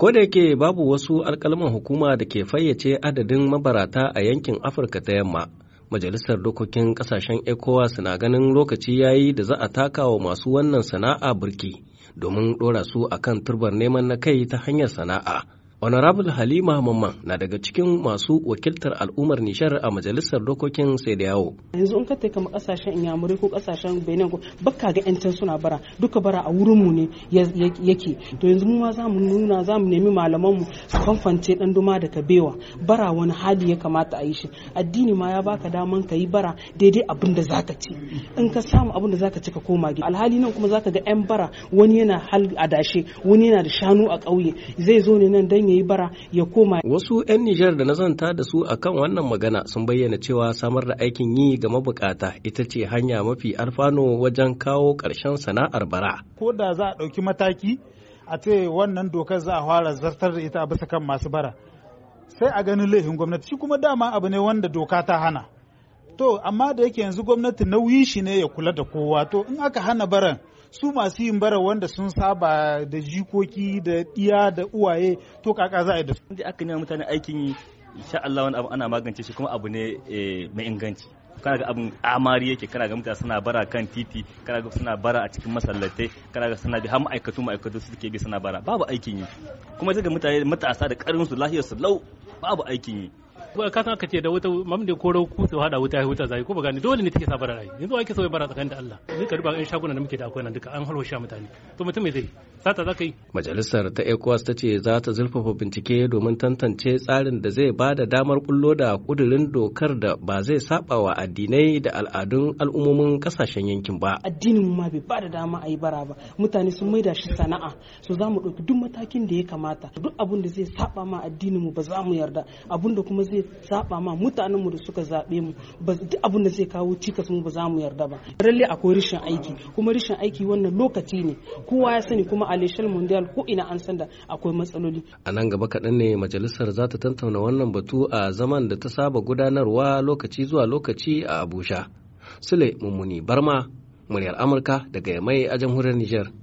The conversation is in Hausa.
Ko da yake babu wasu alkalman hukuma da ke fayyace adadin mabarata a yankin Afirka ta yamma, Majalisar Dokokin Ƙasashen ECOWAS na ganin lokaci ya yi da za a taka wa masu wannan sana'a burki domin ɗora su akan turbar neman na kai ta hanyar sana'a. Honorable Halima mamma na daga cikin masu wakiltar al'ummar Nishar a majalisar dokokin sai da yawo. Yanzu in ka tai kama kasashen Inyamurai ko kasashen Benin ko bakka ga can suna bara duka bara a wurin mu ne yake. To yanzu mu ma za mu nuna za mu nemi malaman mu su fanfance dan duma da kabewa bara wani hali ya kamata a yi shi. Addini ma ya baka daman ka yi bara daidai abin da zaka ci. In ka samu abin da zaka ci ka koma gida. Alhali nan kuma zaka ga yan bara wani yana hal adashe wani yana da shanu a ƙauye zai zo ne nan dan ya yi bara ya koma. Wasu 'yan Nijar da na zanta da su akan wannan magana sun bayyana cewa samar da aikin yi ga mabukata ita ce hanya mafi alfano wajen kawo ƙarshen sana'ar bara. Ko da za a ɗauki mataki a ce wannan dokar za a fara zartar da ita a bisa kan masu bara. Sai a ganin laifin gwamnati shi kuma dama abu ne wanda doka ta hana. to amma da yake yanzu gwamnati nauyi shi ne ya kula da kowa to in aka hana baran su masu yin baran wanda sun saba da jikoki da iya da uwaye to kaka za a yi da su. Inda aka nema mutane aikin yi insha Allah wani abu ana magance shi kuma abu ne eh, mai inganci. kana ga abin amari yake kana ga mutane suna bara kan titi kana ga suna bara a cikin masallatai kana ga suna bi har ma'aikatu ma'aikatu suke bi suna bara babu aikin yi kuma ga mutane matasa da karin su lahiyar su lau babu aikin yi ka san ka ce da wuta da koro ku su hada wuta wuta zai ko ba gani dole ne take sa bara rai yanzu ake so bara tsakanin da Allah ni ka duba in shaguna da muke da akwai nan duka an halwa sha mutane to mutum me zai sata za yi majalisar ta ECOWAS ta ce za ta zurfafa bincike domin tantance tsarin da zai ba da damar kullo da kudirin dokar da ba zai saba wa addinai da al'adun al'ummomin kasashen yankin ba addinin mu ma bai ba da dama a yi bara ba mutane sun maida shi sana'a so za mu ɗauki duk matakin da ya kamata duk abun da zai saba ma addinin mu ba za mu yarda abun da kuma zai zai saba ma mutanenmu da suka zaɓe mu ba duk abin da zai kawo cikas mu ba za mu yarda ba lalle akwai rashin aiki kuma rashin aiki wannan lokaci ne kowa ya sani kuma a leshal mundial ko ina an san da akwai matsaloli a nan gaba kaɗan ne majalisar za ta tantauna wannan batu a zaman da ta saba gudanarwa lokaci zuwa lokaci a abuja sule mummuni barma muryar amurka daga yamai a jamhuriyar niger